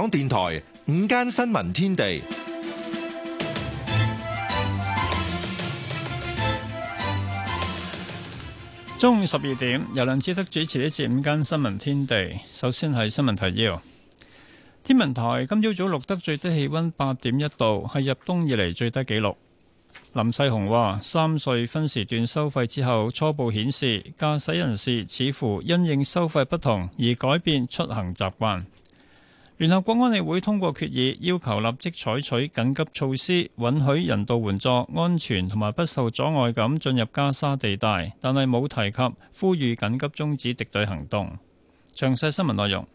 香港電台午間新聞天地，中午十二點，由梁志德主持呢次午間新聞天地。首先係新聞提要。天文台今朝早錄得最低氣温八點一度，係入冬以嚟最低紀錄。林世雄話：三隧分時段收費之後，初步顯示駕駛人士似乎因應收費不同而改變出行習慣。聯合國安理會通過決議，要求立即採取緊急措施，允許人道援助安全同埋不受阻礙咁進入加沙地帶，但係冇提及呼籲緊急中止敵對行動。詳細新聞內容，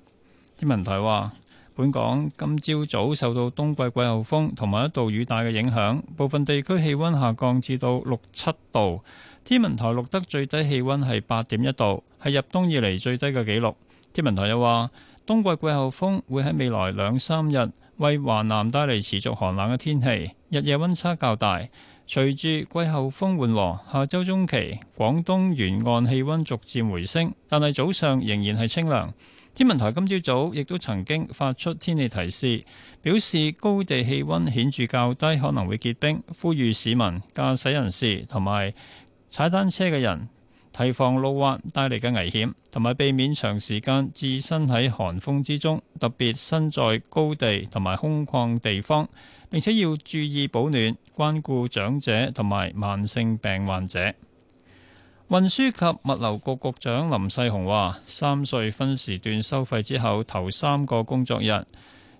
天文台話：本港今朝早，早受到冬季季候風同埋一道雨帶嘅影響，部分地區氣温下降至到六七度。天文台錄得最低氣温係八點一度，係入冬以嚟最低嘅記錄。天文台又話。冬季季候風會喺未來兩三日為華南帶嚟持續寒冷嘅天氣，日夜溫差較大。隨住季候風緩和，下周中期廣東沿岸氣溫逐漸回升，但係早上仍然係清涼。天文台今朝早早亦都曾經發出天氣提示，表示高地氣溫顯著較低，可能會結冰，呼籲市民、駕駛人士同埋踩單車嘅人，.提防路滑帶嚟嘅危險，同埋避免長時間置身喺寒風之中，特別身在高地同埋空曠地方。並且要注意保暖，關顧長者同埋慢性病患者。運輸及物流局局長林世雄話，三隧分時段收費之後，頭三個工作日，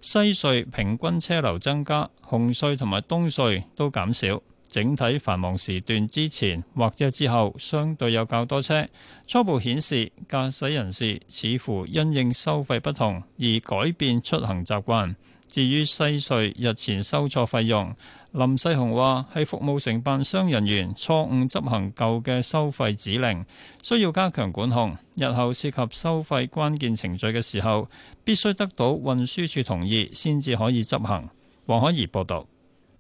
西隧平均車流增加，紅隧同埋東隧都減少。整體繁忙時段之前或者之後相對有較多車，初步顯示，駕駛人士似乎因應收費不同而改變出行習慣。至於西隧日前收錯費用，林世雄話係服務承辦商人員錯誤執行舊嘅收費指令，需要加強管控。日後涉及收費關鍵程序嘅時候，必須得到運輸署同意先至可以執行。黃海怡報道。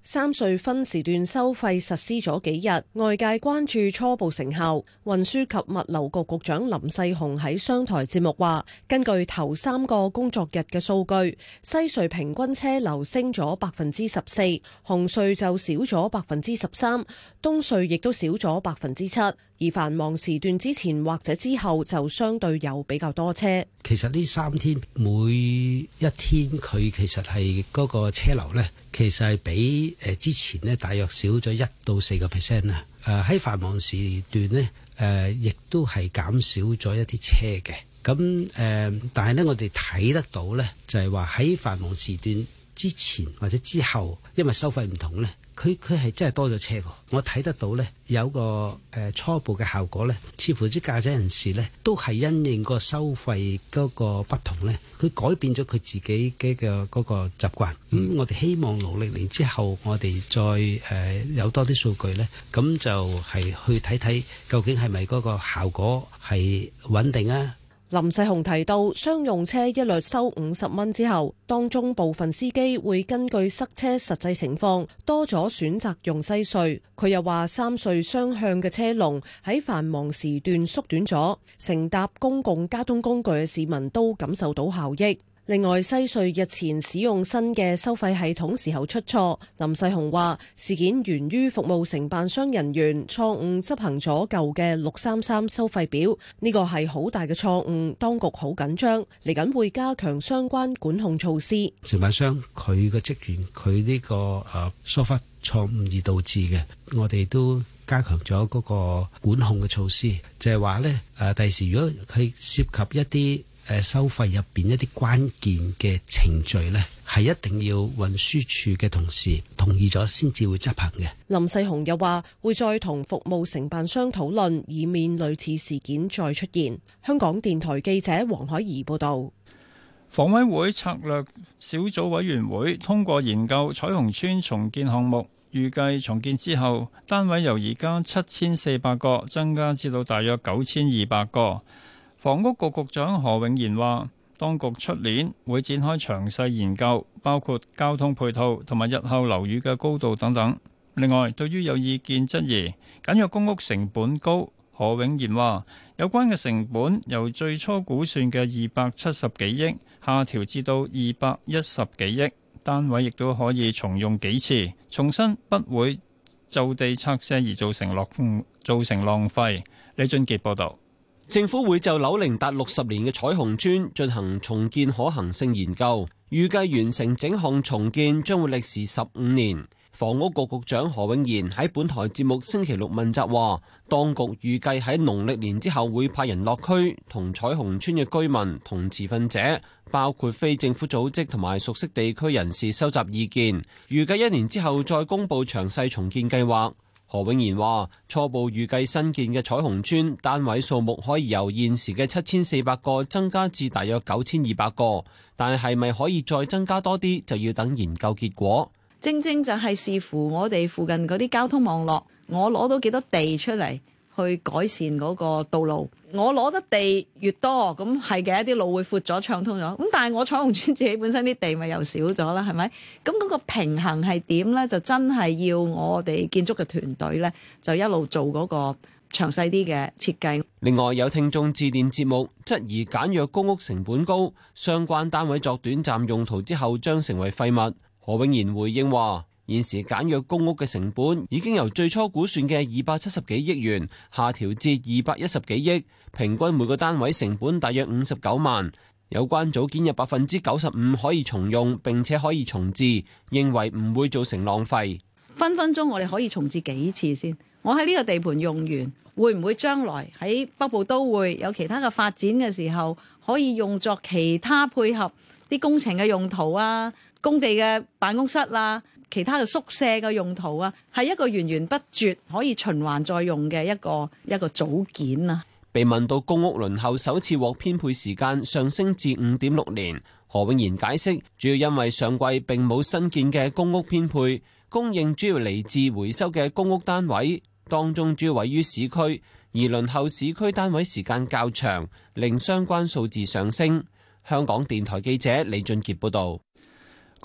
三隧分時段收費實施咗幾日，外界關注初步成效。運輸及物流局局長林世雄喺商台節目話：根據頭三個工作日嘅數據，西隧平均車流升咗百分之十四，紅隧就少咗百分之十三，東隧亦都少咗百分之七。而繁忙時段之前或者之後就相對有比較多車。其實呢三天每一天佢其實係嗰個車流呢，其實係比誒之前呢大約少咗一到四個 percent 啊。誒喺、呃、繁忙時段呢，誒、呃、亦都係減少咗一啲車嘅。咁誒、呃，但係呢，我哋睇得到呢，就係話喺繁忙時段之前或者之後，因為收費唔同呢。佢佢係真係多咗車喎，我睇得到呢，有個誒、呃、初步嘅效果呢，似乎啲駕，駕駛人士呢都係因應個收費嗰個不同呢，佢改變咗佢自己嘅嗰個習慣。咁、嗯、我哋希望農曆年之後，我哋再誒、呃、有多啲數據呢，咁就係去睇睇究竟係咪嗰個效果係穩定啊？林世雄提到，商用車一律收五十蚊之後，當中部分司機會根據塞車實際情況多咗選擇用西隧。佢又話，三隧雙向嘅車龍喺繁忙時段縮短咗，乘搭公共交通工具嘅市民都感受到效益。另外，西隧日前使用新嘅收費系統時候出錯，林世雄話事件源於服務承辦商人員錯誤執行咗舊嘅六三三收費表，呢個係好大嘅錯誤，當局好緊張，嚟緊會加強相關管控措施。承辦商佢、個職員佢呢個誒疏忽錯誤而導致嘅，我哋都加強咗嗰個管控嘅措施，就係話呢。誒、啊、第時如果佢涉及一啲。誒收費入邊一啲關鍵嘅程序呢，係一定要運輸署嘅同事同意咗先至會執行嘅。林世雄又話：會再同服務承辦商討論，以免類似事件再出現。香港電台記者黃海怡報道。房委會策略小組委員會通過研究彩虹村重建項目，預計重建之後單位由而家七千四百個增加至到大約九千二百個。房屋局局長何永賢話，當局出年會展開詳細研究，包括交通配套同埋日後樓宇嘅高度等等。另外，對於有意見質疑簡約公屋成本高，何永賢話，有關嘅成本由最初估算嘅二百七十幾億下調至到二百一十幾億，單位亦都可以重用幾次，重申不會就地拆卸而造成浪造成浪費。李俊傑報導。政府會就樓齡達六十年嘅彩虹村進行重建可行性研究，預計完成整項重建將會歷時十五年。房屋局局長何永賢喺本台節目星期六問集責話，當局預計喺農曆年之後會派人落區同彩虹村嘅居民同持份者，包括非政府組織同埋熟悉地區人士收集意見，預計一年之後再公布詳細重建計劃。何永賢話：初步預計新建嘅彩虹邨單位數目可以由現時嘅七千四百個增加至大約九千二百個，但係咪可以再增加多啲就要等研究結果。正正就係視乎我哋附近嗰啲交通網絡，我攞到幾多地出嚟。.去改善嗰個道路，我攞得地越多，咁係嘅，一啲路會闊咗、暢通咗。咁但係我彩虹村自己本身啲地咪又少咗啦，係咪？咁嗰個平衡係點咧？就真係要我哋建築嘅團隊咧，就一路做嗰個詳細啲嘅設計。另外有聽眾致電節目質疑簡約公屋成本高，相關單位作短暫用途之後將成為廢物。何永賢回應話。現時簡約公屋嘅成本已經由最初估算嘅二百七十幾億元下調至二百一十幾億，平均每個單位成本大約五十九萬。有關組件有百分之九十五可以重用，並且可以重置，認為唔會造成浪費。分分鐘我哋可以重置幾次先？我喺呢個地盤用完，會唔會將來喺北部都會有其他嘅發展嘅時候，可以用作其他配合啲工程嘅用途啊？工地嘅辦公室啦、啊。其他嘅宿舍嘅用途啊，係一個源源不絕可以循環再用嘅一個一個組件啊。被問到公屋輪候首次獲編配時間上升至五點六年，何永賢解釋，主要因為上季並冇新建嘅公屋編配，供應主要嚟自回收嘅公屋單位，當中主要位於市區，而輪候市區單位時間較長，令相關數字上升。香港電台記者李俊傑報道。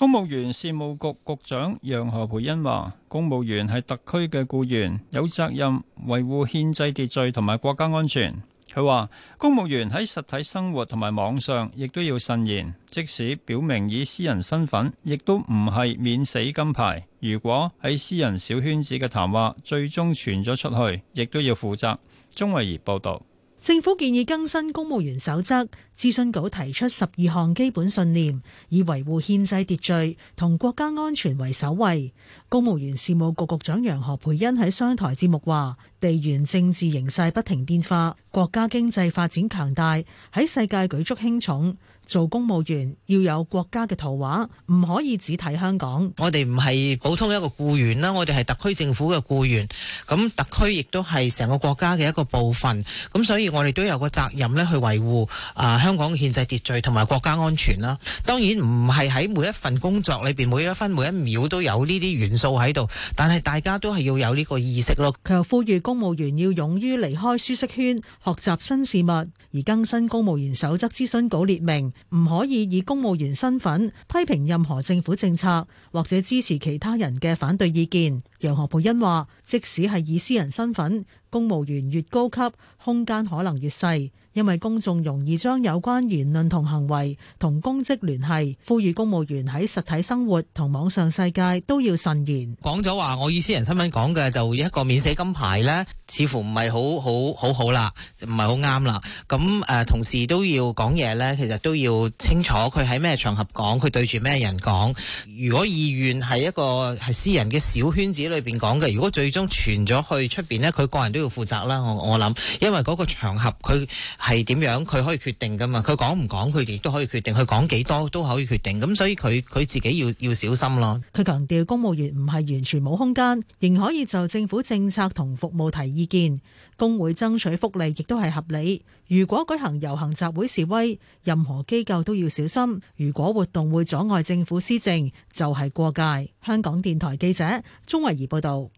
公務員事務局局長楊何培恩話公務員係特區嘅僱員，有責任維護憲制秩序同埋國家安全。佢話，公務員喺實體生活同埋網上亦都要慎言，即使表明以私人身份，亦都唔係免死金牌。如果喺私人小圈子嘅談話最終傳咗出去，亦都要負責。鍾慧儀報道。政府建議更新公務員守則，諮詢稿提出十二項基本信念，以維護憲制秩序同國家安全為首位。公務員事務局局長楊何蓓茵喺商台節目話：地緣政治形勢不停變化，國家經濟發展強大，喺世界舉足輕重。做公務員要有國家嘅圖畫，唔可以只睇香港。我哋唔係普通一個僱員啦，我哋係特區政府嘅僱員。咁特區亦都係成個國家嘅一個部分。咁所以我哋都有個責任咧，去維護啊、呃、香港嘅憲制秩序同埋國家安全啦。當然唔係喺每一份工作裏邊，每一分每一秒都有呢啲元素喺度。但係大家都係要有呢個意識咯。佢又呼籲公務員要勇於離開舒適圈，學習新事物，而更新公務員守則諮詢稿，稿列明。唔可以以公務員身份批評任何政府政策，或者支持其他人嘅反對意見。楊何蓓茵話：即使係以私人身份。公務員越高級空間可能越細，因為公眾容易將有關言論同行為同公職聯繫呼籲公務員喺實體生活同網上世界都要慎言。講咗話，我以私人身份講嘅就一個免死金牌咧，似乎唔係好好,好好好好啦，唔係好啱啦。咁、啊、誒同時都要講嘢咧，其實都要清楚佢喺咩場合講，佢對住咩人講。如果意願係一個係私人嘅小圈子裏邊講嘅，如果最終傳咗去出邊咧，佢個人都。要負責啦，我我諗，因為嗰個場合佢係點樣，佢可以決定噶嘛，佢講唔講，佢哋都可以決定，佢講幾多都可以決定，咁所以佢佢自己要要小心咯。佢強調，公務員唔係完全冇空間，仍可以就政府政策同服務提意見，工會爭取福利亦都係合理。如果舉行遊行集會示威，任何機構都要小心。如果活動會阻礙政府施政，就係過界。香港電台記者鍾維儀報道。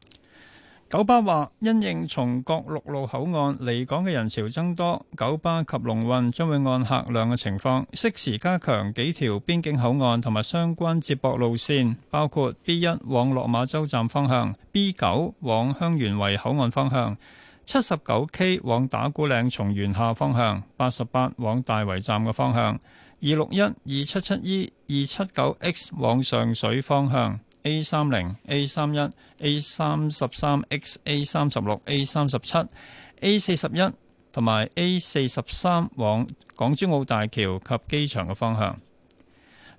九巴話：因應從各陸路口岸嚟港嘅人潮增多，九巴及龍運將會按客量嘅情況，適時加強幾條邊境口岸同埋相關接駁路線，包括 B 一往落馬洲站方向、B 九往香園圍口岸方向、七十九 K 往打鼓嶺松園下方向、八十八往大圍站嘅方向、二六一、二七七 E、二七九 X 往上水方向。A 三零、A 三一、A 三十三、X、A 三十六、A 三十七、A 四十一同埋 A 四十三往港珠澳大橋及機場嘅方向。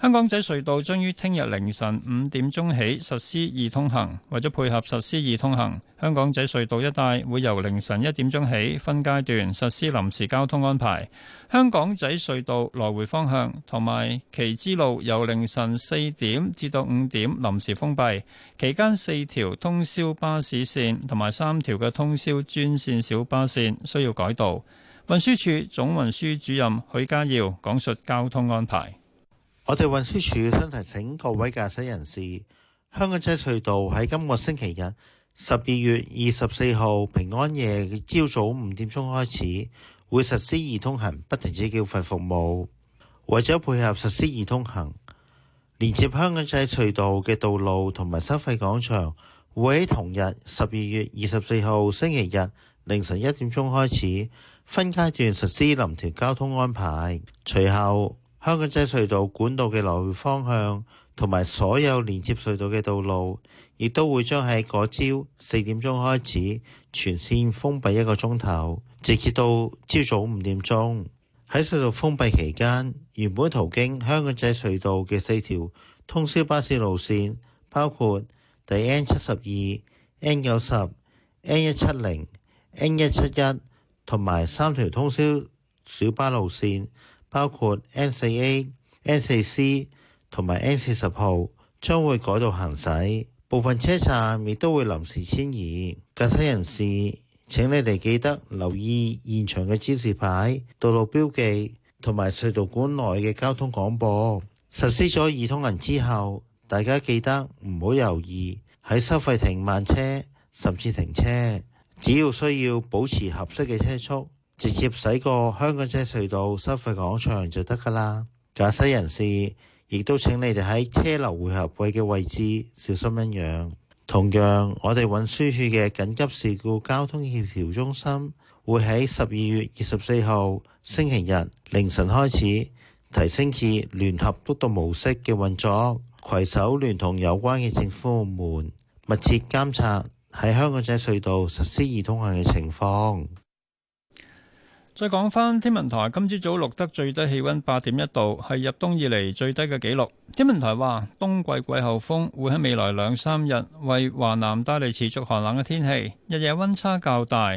香港仔隧道將於聽日凌晨五點鐘起實施易通行，為咗配合實施易通行，香港仔隧道一帶會由凌晨一點鐘起分階段實施臨時交通安排。香港仔隧道來回方向同埋其支路由凌晨四點至到五點臨時封閉，期間四條通宵巴士線同埋三條嘅通宵專線小巴線需要改道。運輸署總運輸主任許家耀講述交通安排。我哋運輸署想提醒各位駕駛人士，香港仔隧道喺今個星期日十二月二十四號平安夜嘅朝早五點鐘開始，會實施易通行，不停止繳費服務。為咗配合實施易通行，連接香港仔隧道嘅道路同埋收費廣場，會喺同日十二月二十四號星期日凌晨一點鐘開始分階段實施臨時交通安排，隨後。香港仔隧道管道嘅來回方向，同埋所有連接隧道嘅道路，亦都會將喺嗰朝四點鐘開始，全線封閉一個鐘頭，直至到朝早五點鐘。喺隧道封閉期間，原本途經香港仔隧道嘅四條通宵巴士路線，包括第 N 七十二、N 九十、N 一七零、N 一七一，同埋三條通宵小巴路線，包括 N4A、N4C 同埋 N40 號將會改道行駛，部分車站亦都會臨時遷移。駕駛人士請你哋記得留意現場嘅指示牌、道路標記同埋隧道管內嘅交通廣播。實施咗易通行之後，大家記得唔好猶豫喺收費亭慢車甚至停車，只要需要保持合適嘅車速。直接駛過香港仔隧道收費廣場就得噶啦。駕駛人士亦都請你哋喺車流匯合位嘅位置小心一樣。同樣，我哋運輸處嘅緊急事故交通協調中心會喺十二月二十四號星期日凌晨開始提升至聯合督導模式嘅運作，攜手聯同有關嘅政府部門密切監察喺香港仔隧道實施易通行嘅情況。再講返天文台今朝早錄得最低氣溫八點一度，係入冬以嚟最低嘅紀錄。天文台話，冬季季候風會喺未來兩三日為華南帶嚟持續寒冷嘅天氣，日夜溫差較大。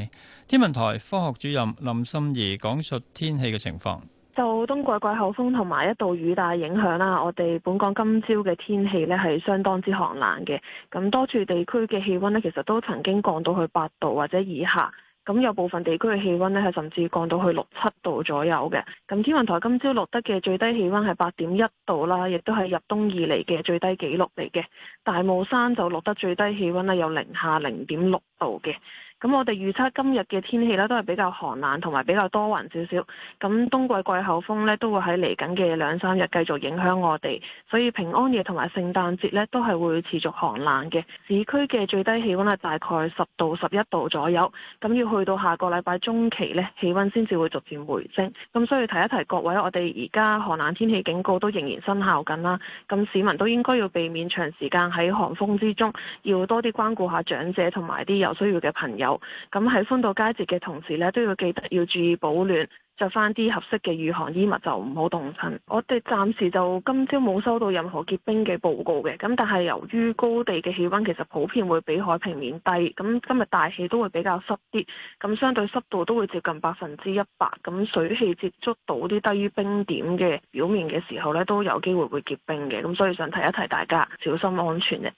天文台科學主任林心儀講述天氣嘅情況。就冬季季候風同埋一道雨帶影響啦，我哋本港今朝嘅天氣咧係相當之寒冷嘅，咁多處地區嘅氣溫咧其實都曾經降到去八度或者以下。咁有部分地區嘅氣温呢，係甚至降到去六七度左右嘅。咁天文台今朝錄得嘅最低氣溫係八點一度啦，亦都係入冬以來嘅最低紀錄嚟嘅。大霧山就錄得最低氣温呢，有零下零點六度嘅。咁我哋預測今日嘅天氣呢，都係比較寒冷同埋比較多雲少少。咁冬季季候風呢都會喺嚟緊嘅兩三日繼續影響我哋，所以平安夜同埋聖誕節呢都係會持續寒冷嘅。市區嘅最低氣溫係大概十度十一度左右。咁要去到下個禮拜中期呢，氣温先至會逐漸回升。咁所以提一提各位，我哋而家寒冷天氣警告都仍然生效緊啦。咁市民都應該要避免長時間喺寒風之中，要多啲關顧下長者同埋啲有需要嘅朋友。咁喺歡度佳節嘅同時呢，都要記得要注意保暖，着翻啲合適嘅御寒衣物，就唔好凍親。我哋暫時就今朝冇收到任何結冰嘅報告嘅。咁、嗯、但係由於高地嘅氣温其實普遍會比海平面低，咁、嗯、今日大氣都會比較濕啲，咁、嗯、相對濕度都會接近百分之一百，咁、嗯、水汽接觸到啲低於冰點嘅表面嘅時候呢，都有機會會結冰嘅。咁、嗯、所以想提一提大家小心安全嘅。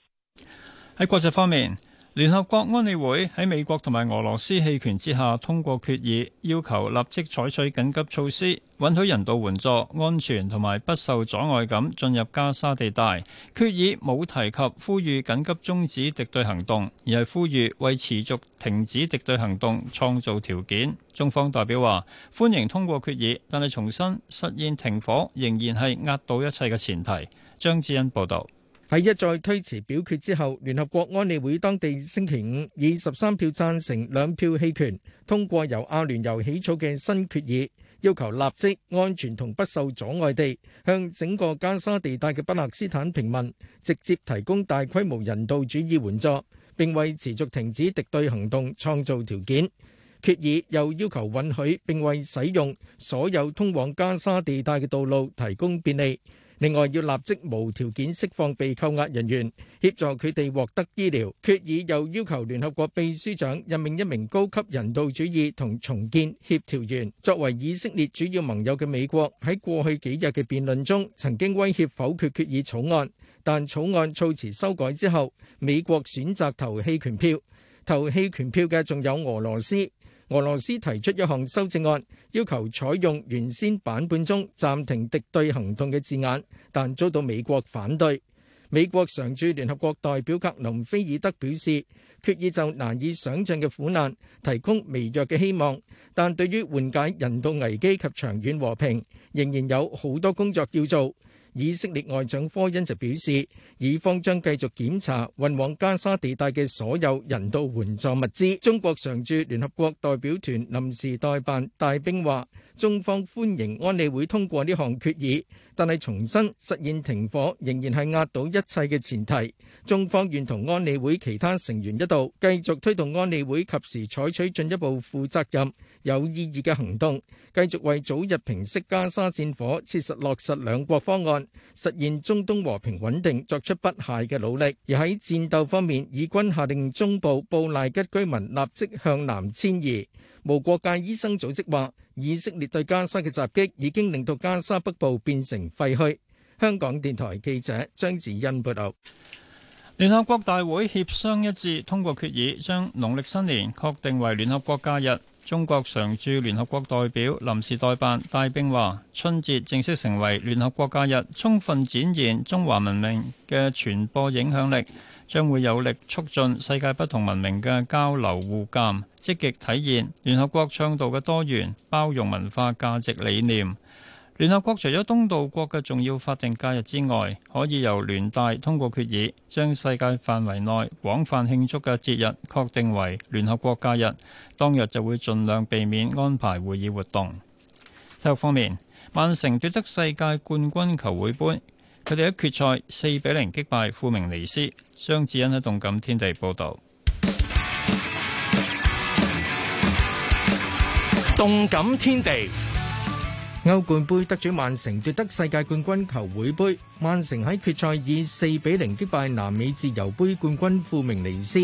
喺國際方面。聯合國安理會喺美國同埋俄羅斯棄權之下通過決議，要求立即採取緊急措施，允許人道援助，安全同埋不受阻礙咁進入加沙地帶，決議冇提及呼籲緊急終止敵對行動，而係呼籲為持續停止敵對行動創造條件。中方代表話歡迎通過決議，但係重新實現停火仍然係壓倒一切嘅前提。張智恩報道。喺一再推遲表決之後，聯合國安理會當地星期五以十三票贊成、兩票棄權通過由阿聯酋起草嘅新決議，要求立即安全同不受阻礙地向整個加沙地帶嘅巴勒斯坦平民直接提供大規模人道主義援助，並為持續停止敵對行動創造條件。決議又要求允許並為使用所有通往加沙地帶嘅道路提供便利。另外要立即無條件釋放被扣押人員，協助佢哋獲得醫療，決議又要求聯合國秘書長任命一名高級人道主義同重建協調員。作為以色列主要盟友嘅美國喺過去幾日嘅辯論中曾經威脅否決決議草案，但草案措辭修改之後，美國選擇投棄權票，投棄權票嘅仲有俄羅斯。俄羅斯提出一項修正案，要求採用原先版本中暫停敵對行動嘅字眼，但遭到美國反對。美國常駐聯合國代表格林菲爾德表示，決議就難以想像嘅苦難提供微弱嘅希望，但對於緩解人道危機及長遠和平，仍然有好多工作要做。以色列外長科恩就表示，以方將繼續檢查運往加沙地帶嘅所有人道援助物資。中國常駐聯合國代表團臨時代辦戴兵話。中方歡迎安理會通過呢項決議，但係重申實現停火仍然係壓倒一切嘅前提。中方願同安理會其他成員一道，繼續推動安理會及時採取進一步負責任、有意義嘅行動，繼續為早日平息加沙戰火、切實落實兩國方案、實現中東和平穩定作出不懈嘅努力。而喺戰鬥方面，以軍下令中部布賴吉居民立即向南遷移。無國界醫生組織話，以色列對加沙嘅襲擊已經令到加沙北部變成廢墟。香港電台記者張子欣報道。聯合國大會協商一致通過決議，將農曆新年確定為聯合國假日。中國常駐聯合國代表臨時代辦戴兵話：春節正式成為聯合國假日，充分展現中華文明嘅傳播影響力，將會有力促進世界不同文明嘅交流互鑒，積極體現聯合國倡導嘅多元包容文化價值理念。聯合國除咗東道國嘅重要法定假日之外，可以由聯大通過決議，將世界範圍內廣泛慶祝嘅節日確定為聯合國假日。當日就會盡量避免安排會議活動。體育方面，曼城奪得世界冠軍球會杯，佢哋喺決賽四比零擊敗富明尼斯。張智恩喺動感天地報道。動感天地。報導動感天地。歐冠盃得主曼城奪得世界冠軍球會盃，曼城喺決賽以四比零擊敗南美自由盃冠軍富明尼斯。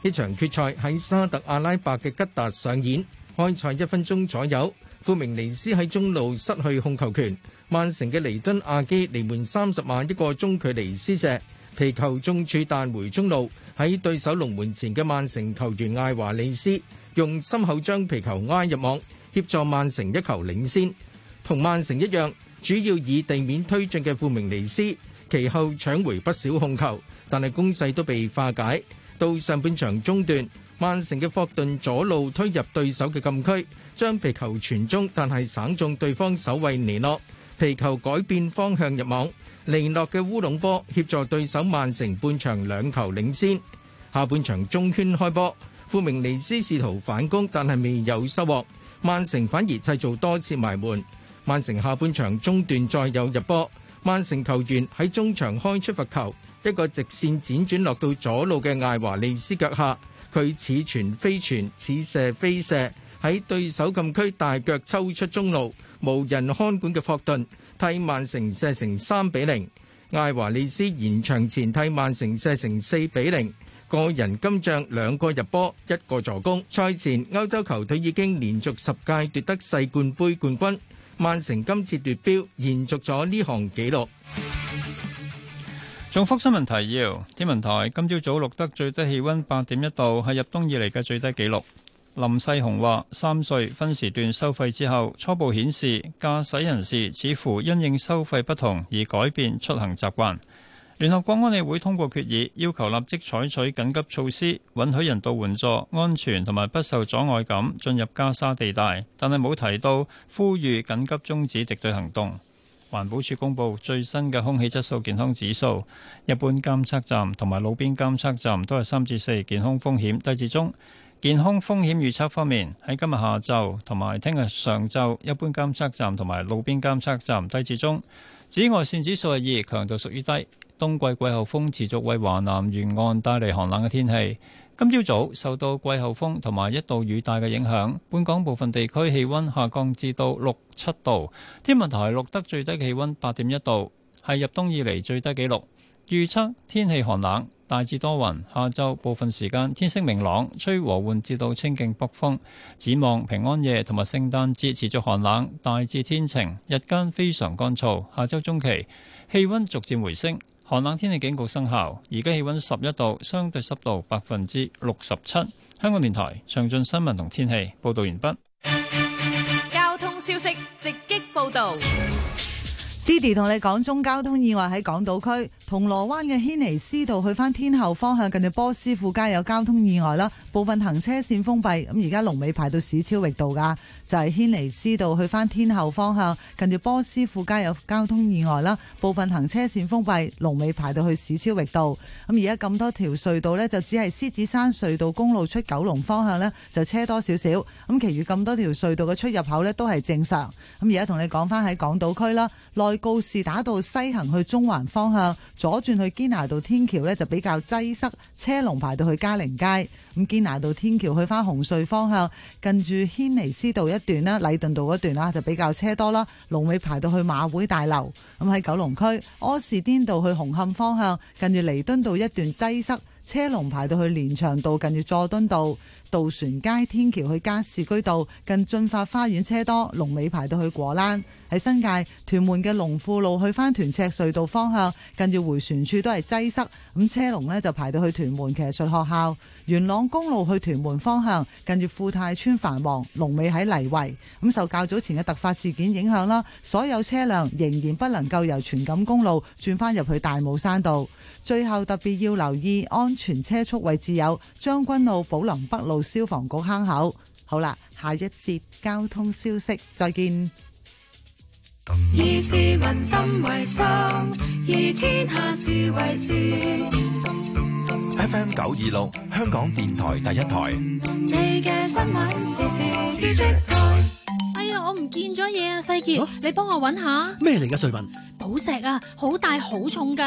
呢場決賽喺沙特阿拉伯嘅吉達上演，開賽一分鐘左右，富明尼斯喺中路失去控球權，曼城嘅尼敦阿基離門三十碼一個中距離施射，皮球中柱彈回中路，喺對手龍門前嘅曼城球員艾華利斯用胸口將皮球壓入網，協助曼城一球領先。同曼城一樣，主要以地面推進嘅富明尼斯，其後搶回不少控球，但係攻勢都被化解。到上半場中段，曼城嘅霍頓左路推入對手嘅禁區，將皮球傳中，但係省中對方守衛尼諾，皮球改變方向入網。尼諾嘅烏龍波協助對手曼城半場兩球領先。下半場中圈開波，富明尼斯試圖反攻，但係未有收穫。曼城反而製造多次埋門。曼城下半場中段再有入波，曼城球員喺中場開出罰球，一個直線輾轉落到左路嘅艾華利斯腳下，佢似傳非傳，似射非射，喺對手禁區大腳抽出中路，無人看管嘅霍頓替曼城射成三比零，艾華利斯延長前替曼城射成四比零，個人進賬兩個入波，一個助攻。賽前歐洲球隊已經連續十屆奪得世冠杯冠軍。曼城今次奪標延續咗呢項紀錄。重複新聞提要：天文台今朝早錄得最低氣温八點一度，係入冬以嚟嘅最低紀錄。林世雄話，三隧分時段收費之後，初步顯示駕駛人士似乎因應收費不同而改變出行習慣。聯合國安理會通過決議，要求立即採取緊急措施，允許人道援助安全同埋不受阻礙咁進入加沙地帶，但係冇提到呼籲緊急終止敵對行動。環保署公布最新嘅空氣質素健康指數，一般監測站同埋路邊監測站都係三至四，健康風險低至中。健康風險預測方面，喺今日下晝同埋聽日上晝，一般監測站同埋路邊監測站低至中。紫外線指數係二，強度屬於低。冬季季候風持續為華南沿岸帶嚟寒冷嘅天氣，今朝早，早受到季候風同埋一道雨帶嘅影響，本港部分地區氣溫下降至到六七度。天文台錄得最低氣溫八點一度，係入冬以嚟最低紀錄。預測天氣寒冷，大致多雲，下晝部分時間天色明朗，吹和緩至到清勁北風，展望平安夜同埋聖誕節持續寒冷，大致天晴，日間非常乾燥。下周中期氣溫逐漸回升。寒冷天氣警告生效，而家氣温十一度，相對濕度百分之六十七。香港電台詳盡新聞同天氣報導完畢。交通消息直擊報導。Didi 同你講，中交通意外喺港島區銅鑼灣嘅軒尼詩道去返天后方向，近住波斯富街有交通意外啦，部分行車線封閉。咁而家龍尾排到史超域道㗎，就係、是、軒尼詩道去返天后方向，近住波斯富街有交通意外啦，部分行車線封閉，龍尾排到去史超域道。咁而家咁多條隧道呢，就只係獅子山隧道公路出九龍方向呢，就車多少少。咁其餘咁多條隧道嘅出入口呢，都係正常。咁而家同你講返喺港島區啦，內。告士打道西行去中環方向，左轉去堅拿道天橋呢，就比較擠塞，車龍排到去加寧街。咁堅拿道天橋去翻紅隧方向，近住軒尼詩道一段啦，禮頓道一段啦，就比較車多啦，龍尾排到去馬會大樓。咁喺九龍區柯士甸道去紅磡方向，近住彌敦道一段擠塞，車龍排到去連翔道近住佐敦道。渡船街天橋去加士居道，近駿發花園車多，龍尾排到去果欄；喺新界屯門嘅龍富路去翻屯赤隧道方向，近住回旋處都係擠塞，咁車龍呢就排到去屯門騎術學校。元朗公路去屯門方向，近住富泰村繁忙，龍尾喺泥圍。咁受較早前嘅突發事件影響啦，所有車輛仍然不能夠由荃錦公路轉翻入去大帽山道。最後特別要留意安全車速位置有將軍澳寶林北路。消防局坑口，好啦，下一節交通消息，再見。以市民心為心，以天下事為事。FM 九二六，香港電台第一台。哎呀，我唔見咗嘢啊！細杰，啊、你幫我揾下咩嚟㗎？瑞文，寶石啊，好大好重㗎。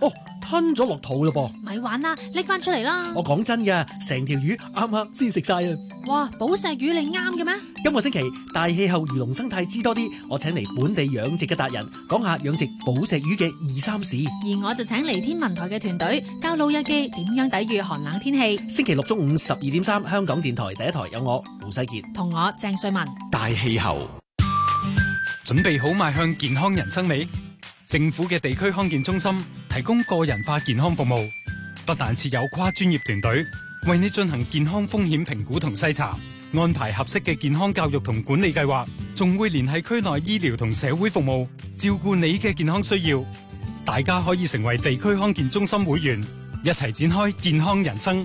哦，吞咗落肚啦噃！咪玩啦，拎翻出嚟啦！我講真㗎，成條魚啱啱先食晒啊！啊哇，寶石魚你啱嘅咩？今個星期大氣候魚龍生態知多啲，我請嚟本地養殖嘅達人講下養殖寶石魚嘅二三事。而我就請嚟天文台嘅團隊教老一輩點樣抵御寒冷天氣。星期六中午十二點三，時時 3, 香港電台第一台,第一台有我。胡世傑同我鄭瑞文，大氣候。準備好邁向健康人生未？政府嘅地區康健中心提供個人化健康服務，不但設有跨專業團隊為你進行健康風險評估同篩查，安排合適嘅健康教育同管理計劃，仲會聯繫區內醫療同社會服務照顧你嘅健康需要。大家可以成為地區康健中心會員，一齊展開健康人生。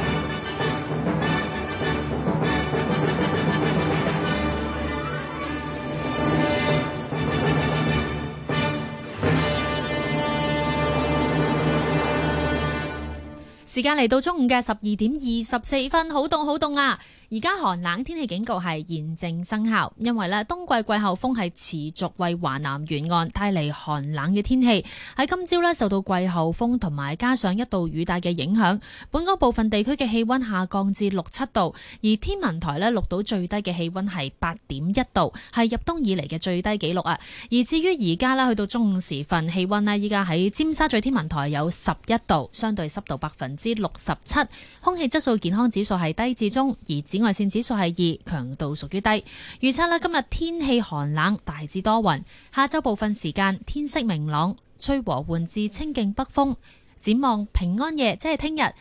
時間嚟到中午嘅十二點二十四分，好凍好凍啊！而家寒冷天氣警告係現正生效，因為咧冬季季候風係持續為華南沿岸帶嚟寒冷嘅天氣。喺今朝咧受到季候風同埋加上一道雨帶嘅影響，本港部分地區嘅氣温下降至六七度，而天文台咧錄到最低嘅氣温係八點一度，係入冬以嚟嘅最低紀錄啊！而至於而家啦，去到中午時分，氣温呢，依家喺尖沙咀天文台有十一度，相對濕度百分之六十七，空氣質素健康指數係低至中，而紫外線指數係二，強度屬於低。預測啦，今日天氣寒冷，大致多雲。下周部分時間天色明朗，吹和緩至清勁北風。展望平安夜，即係聽日。